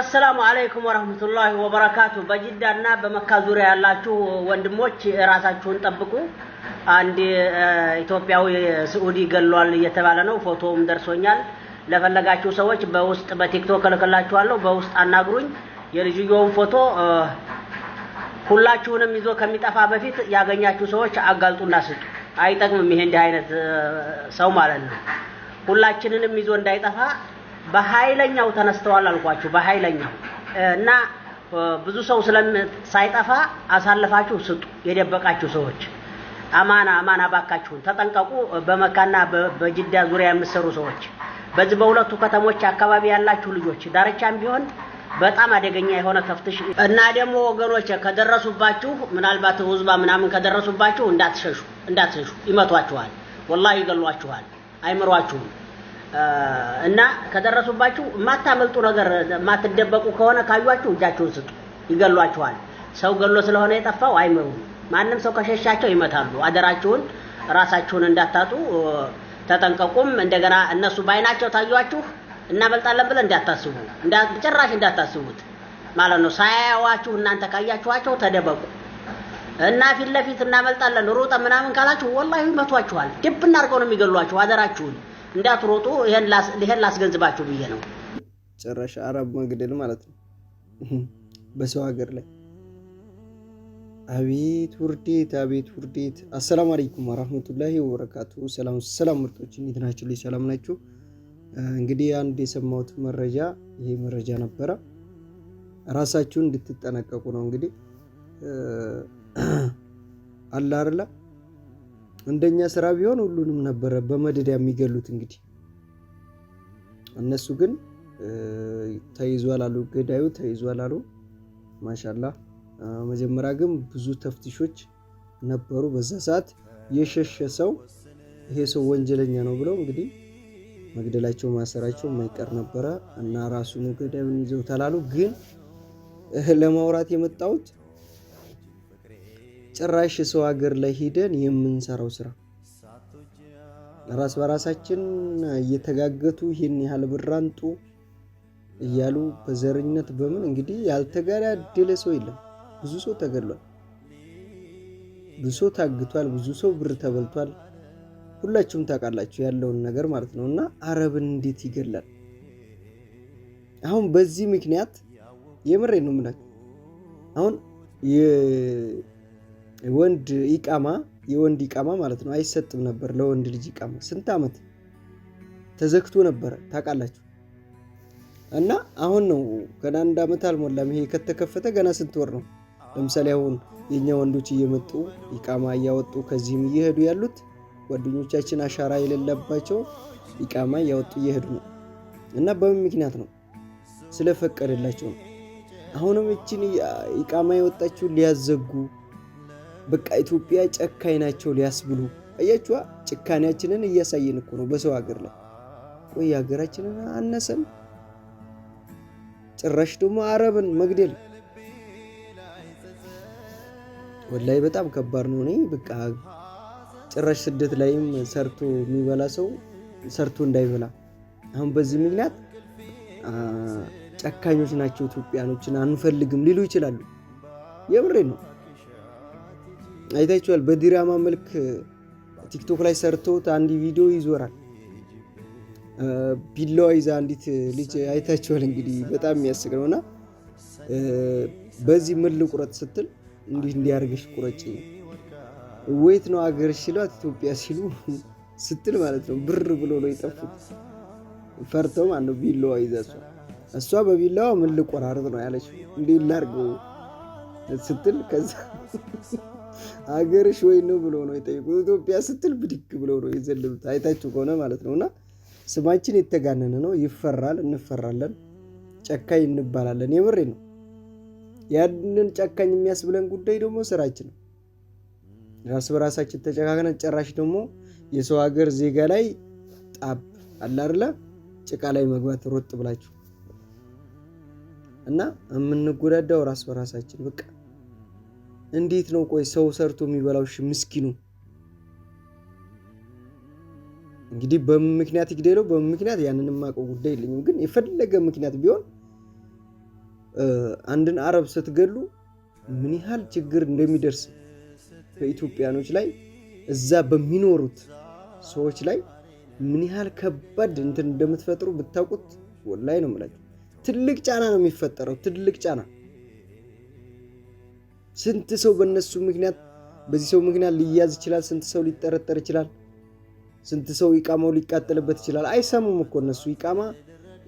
አሰላሙ አለይኩም ወረህመቱላሂ ወበረካቱ። በጅዳ እና በመካ ዙሪያ ያላችሁ ወንድሞች እራሳችሁን ጠብቁ። አንድ ኢትዮጵያዊ ስዑዲ ገሏል እየተባለ ነው። ፎቶውም ደርሶኛል። ለፈለጋችሁ ሰዎች በውስጥ በቲክቶክ እልክላችኋለሁ። በውስጥ አናግሩኝ። የልጅየውን ፎቶ ሁላችሁንም ይዞ ከሚጠፋ በፊት ያገኛችሁ ሰዎች አጋልጡና ስጡ። አይጠቅምም። ይሄ እንዲህ አይነት ሰው ማለት ነው። ሁላችንንም ይዞ እንዳይጠፋ በኃይለኛው ተነስተዋል አልኳችሁ። በኃይለኛው እና ብዙ ሰው ስለም ሳይጠፋ አሳልፋችሁ ስጡ። የደበቃችሁ ሰዎች አማና አማና ባካችሁን ተጠንቀቁ። በመካና በጅዳ ዙሪያ የምትሰሩ ሰዎች፣ በዚህ በሁለቱ ከተሞች አካባቢ ያላችሁ ልጆች ዳርቻም ቢሆን በጣም አደገኛ የሆነ ተፍትሽ እና ደግሞ ወገኖች ከደረሱባችሁ ምናልባት ህዝባ ምናምን ከደረሱባችሁ እንዳትሸሹ፣ እንዳትሸሹ። ይመቷችኋል፣ ወላ ይገሏችኋል፣ አይምሯችሁም። እና ከደረሱባችሁ የማታመልጡ ነገር የማትደበቁ ከሆነ ካዩችሁ እጃችሁን ስጡ፣ ይገሏችኋል። ሰው ገሎ ስለሆነ የጠፋው አይምሩ። ማንም ሰው ከሸሻቸው ይመታሉ። አደራችሁን ራሳችሁን እንዳታጡ ተጠንቀቁም። እንደገና እነሱ ባይናቸው ታዩችሁ እናመልጣለን ብለን እንዳታስቡ፣ ጭራሽ እንዳታስቡት ማለት ነው። ሳያዋችሁ እናንተ ካያችኋቸው ተደበቁ እና ፊት ለፊት እናመልጣለን ሩጠ ምናምን ካላችሁ ወላሂ ይመቷችኋል። ድብ እናድርገው ነው የሚገሏችሁ። አደራችሁን እንዳትሮጡ ይሄን ላስገንዝባችሁ ብዬ ነው። ጭራሽ አረብ መግደል ማለት ነው በሰው ሀገር ላይ። አቤት ውርዴት! አቤት ውርዴት! አሰላሙ አለይኩም ወራህመቱላሂ ወበረካቱ። ሰላም ሰላም፣ ምርጦች እንዴት ናችሁ? ልጅ ሰላም ናችሁ? እንግዲህ አንድ የሰማሁት መረጃ ይሄ መረጃ ነበረ። ራሳችሁን እንድትጠነቀቁ ነው እንግዲህ አላ እንደኛ ስራ ቢሆን ሁሉንም ነበረ በመደዳ የሚገሉት እንግዲህ እነሱ ግን ተይዟል አሉ፣ ገዳዩ ተይዟል አሉ። ማሻላ መጀመሪያ ግን ብዙ ተፍትሾች ነበሩ። በዛ ሰዓት የሸሸ ሰው ይሄ ሰው ወንጀለኛ ነው ብለው እንግዲህ መግደላቸው ማሰራቸው የማይቀር ነበረ እና ራሱን ገዳዩን ይዘውታል አሉ። ግን ለማውራት የመጣሁት ጭራሽ ሰው ሀገር ላይ ሄደን የምንሰራው ስራ ራስ በራሳችን እየተጋገቱ ይህን ያህል ብር አንጡ እያሉ በዘረኝነት በምን እንግዲህ ያልተገዳደለ ሰው የለም። ብዙ ሰው ተገድሏል፣ ብዙ ሰው ታግቷል፣ ብዙ ሰው ብር ተበልቷል። ሁላችሁም ታውቃላችሁ ያለውን ነገር ማለት ነው። እና አረብን እንዴት ይገላል አሁን በዚህ ምክንያት የምሬ ነው የምላችሁ አሁን ወንድ ኢቃማ የወንድ ኢቃማ ማለት ነው አይሰጥም ነበር። ለወንድ ልጅ ይቃማ ስንት ዓመት ተዘግቶ ነበረ ታውቃላችሁ። እና አሁን ነው ገና አንድ ዓመት አልሞላም ይሄ ከተከፈተ ገና ስንት ወር ነው። ለምሳሌ አሁን የእኛ ወንዶች እየመጡ ኢቃማ እያወጡ ከዚህም እየሄዱ ያሉት ጓደኞቻችን አሻራ የሌለባቸው ኢቃማ እያወጡ እየሄዱ ነው። እና በምን ምክንያት ነው? ስለፈቀደላቸው ነው። አሁንም እችን ኢቃማ የወጣችሁ ሊያዘጉ በቃ ኢትዮጵያ ጨካኝ ናቸው ሊያስብሉ አያችዋ። ጭካኔያችንን እያሳየን እኮ ነው በሰው ሀገር ላይ። ቆይ ሀገራችንን አነሰን? ጭራሽ ደግሞ አረብን መግደል ወላይ በጣም ከባድ ነው። እኔ በቃ ጭራሽ ስደት ላይም ሰርቶ የሚበላ ሰው ሰርቶ እንዳይበላ አሁን በዚህ ምክንያት ጨካኞች ናቸው ኢትዮጵያኖችን አንፈልግም ሊሉ ይችላሉ። የምሬ ነው። አይታችኋል። በዲራማ መልክ ቲክቶክ ላይ ሰርቶት አንድ ቪዲዮ ይዞራል። ቢላዋ ይዛ አንዲት ልጅ አይታችኋል። እንግዲህ በጣም የሚያስቅ ነው እና በዚህ ምን ልቁረጥ ስትል እንዲህ እንዲያርገሽ ቁረጭ ወይት ነው አገር ሲሏት ኢትዮጵያ ሲሉ ስትል ማለት ነው። ብር ብሎ ነው የጠፉት ፈርተው ማለት ነው። ቢላዋ ይዛ እሷ እሷ በቢላዋ ምን ልቆራርጥ ነው ያለች እንዴ ላርገው ስትል ከዛ ሀገርሽ ወይ ነው ብሎ ነው የጠየቁት። ኢትዮጵያ ስትል ብድግ ብሎ ነው የዘለሉት። አይታችሁ ከሆነ ማለት ነው። እና ስማችን የተጋነነ ነው። ይፈራል፣ እንፈራለን፣ ጨካኝ እንባላለን። የምሬ ነው። ያንን ጨካኝ የሚያስብለን ጉዳይ ደግሞ ስራችን ነው። ራስ በራሳችን ተጨካክነን ጨራሽ ደግሞ የሰው ሀገር ዜጋ ላይ ጣብ አላርለ ጭቃ ላይ መግባት ሮጥ ብላችሁ እና የምንጎዳዳው ራስ በራሳችን በቃ እንዴት ነው ቆይ ሰው ሰርቶ የሚበላው? እሺ ምስኪኑ እንግዲህ በምን ምክንያት ይግደለው? በምን ምክንያት ያንን የማውቀው ጉዳይ የለኝም። ግን የፈለገ ምክንያት ቢሆን አንድን አረብ ስትገሉ ምን ያህል ችግር እንደሚደርስ በኢትዮጵያኖች ላይ እዛ በሚኖሩት ሰዎች ላይ ምን ያህል ከባድ እንትን እንደምትፈጥሩ ብታውቁት ወላይ ነው የምላችሁ። ትልቅ ጫና ነው የሚፈጠረው፣ ትልቅ ጫና ስንት ሰው በእነሱ ምክንያት በዚህ ሰው ምክንያት ሊያዝ ይችላል። ስንት ሰው ሊጠረጠር ይችላል። ስንት ሰው ኢቃማው ሊቃጠልበት ይችላል። አይሰሙም እኮ እነሱ ኢቃማ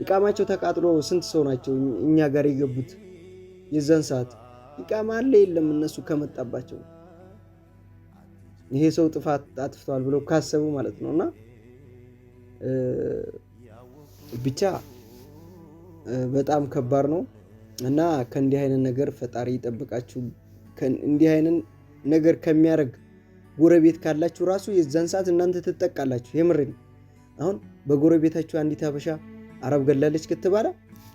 ኢቃማቸው ተቃጥሎ ስንት ሰው ናቸው እኛ ጋር የገቡት የዛን ሰዓት ኢቃማ አለ የለም እነሱ ከመጣባቸው ይሄ ሰው ጥፋት አጥፍተዋል ብለው ካሰቡ ማለት ነው። እና ብቻ በጣም ከባድ ነው እና ከእንዲህ አይነት ነገር ፈጣሪ ይጠብቃችሁ። እንዲህ አይነት ነገር ከሚያደርግ ጎረቤት ካላችሁ ራሱ የዛን ሰዓት እናንተ ትጠቃላችሁ። የምር አሁን በጎረቤታችሁ አንዲት ሀበሻ አረብ ገላለች ከተባለ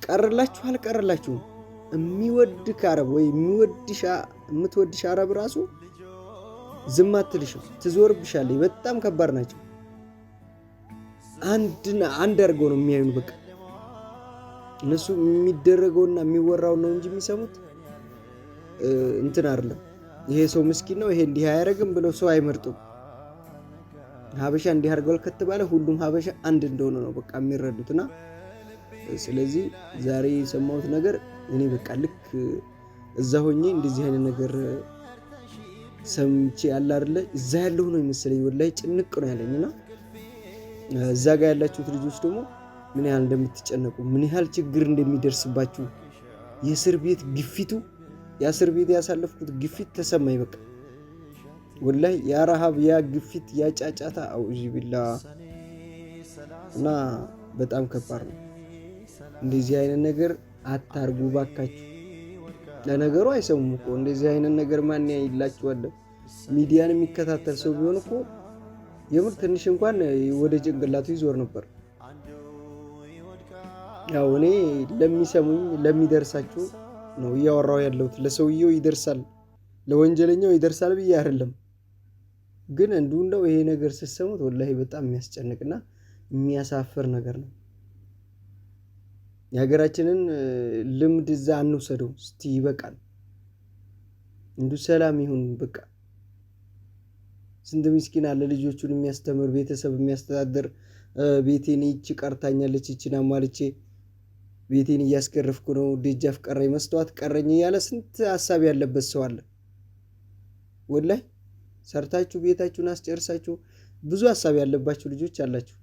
ቀርላችሁ አልቀርላችሁም። የሚወድክ አረብ ወይ የምትወድሽ አረብ ራሱ ዝም አትልሽም፣ ትዞርብሻለች። በጣም ከባድ ናቸው። አንድና አንድ አድርገው ነው የሚያዩን። በቃ እነሱ የሚደረገውና የሚወራውን ነው እንጂ የሚሰሙት እንትን አይደለም። ይሄ ሰው ምስኪን ነው፣ ይሄ እንዲህ አያደርግም ብለው ሰው አይመርጡም። ሀበሻ እንዲህ አድርገዋል ከተባለ ሁሉም ሀበሻ አንድ እንደሆነ ነው በቃ የሚረዱትና ስለዚህ ዛሬ የሰማሁት ነገር እኔ በቃ ልክ እዛ ሆኜ እንደዚህ አይነት ነገር ሰምቼ ያለ አይደለ እዛ ያለሁ ነው የመሰለኝ። ወላሂ ጭንቅ ነው ያለኝ እና እዛ ጋር ያላችሁት ልጆች ደግሞ ምን ያህል እንደምትጨነቁ ምን ያህል ችግር እንደሚደርስባችሁ የእስር ቤት ግፊቱ የአስር ቤት ያሳለፍኩት ግፊት ተሰማኝ። በቃ ወላይ ያ ረሃብ፣ ያ ግፊት፣ ያ ጫጫታ አውዚ ቢላ እና በጣም ከባድ ነው። እንደዚህ አይነት ነገር አታርጉ ባካችሁ። ለነገሩ አይሰሙም እኮ እንደዚህ አይነት ነገር ማን ይላችዋለ ሚዲያን የሚከታተል ሰው ቢሆን እኮ የምር ትንሽ እንኳን ወደ ጭንቅላቱ ይዞር ነበር። ያው እኔ ለሚሰሙኝ ለሚደርሳችሁ ነው እያወራው ያለሁት። ለሰውየው ይደርሳል፣ ለወንጀለኛው ይደርሳል ብዬ አይደለም። ግን እንዱ እንደው ይሄ ነገር ስትሰሙት ወላሂ በጣም የሚያስጨንቅና የሚያሳፍር ነገር ነው። የሀገራችንን ልምድ እዛ አንውሰደው እስቲ፣ ይበቃል። እንዱ ሰላም ይሁን በቃ። ስንት ምስኪን አለ ልጆቹን የሚያስተምር ቤተሰብ የሚያስተዳድር ቤቴን ይቺ ቀርታኛለች ይቺን አማልቼ ቤቴን እያስገረፍኩ ነው፣ ደጃፍ ቀረኝ፣ መስተዋት ቀረኝ እያለ ስንት ሀሳብ ያለበት ሰው አለ። ወላይ ሰርታችሁ ቤታችሁን አስጨርሳችሁ ብዙ ሀሳብ ያለባችሁ ልጆች አላችሁ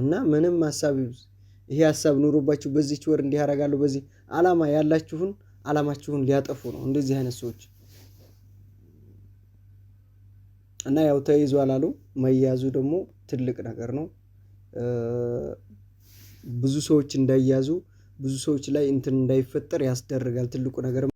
እና ምንም ሀሳብ ይሄ ሀሳብ ኑሮባችሁ በዚች ወር እንዲህ አደርጋለሁ በዚህ አላማ ያላችሁን አላማችሁን ሊያጠፉ ነው እንደዚህ አይነት ሰዎች እና ያው ተይዟል አሉ። መያዙ ደግሞ ትልቅ ነገር ነው። ብዙ ሰዎች እንዳያዙ ብዙ ሰዎች ላይ እንትን እንዳይፈጠር ያስደርጋል። ትልቁ ነገር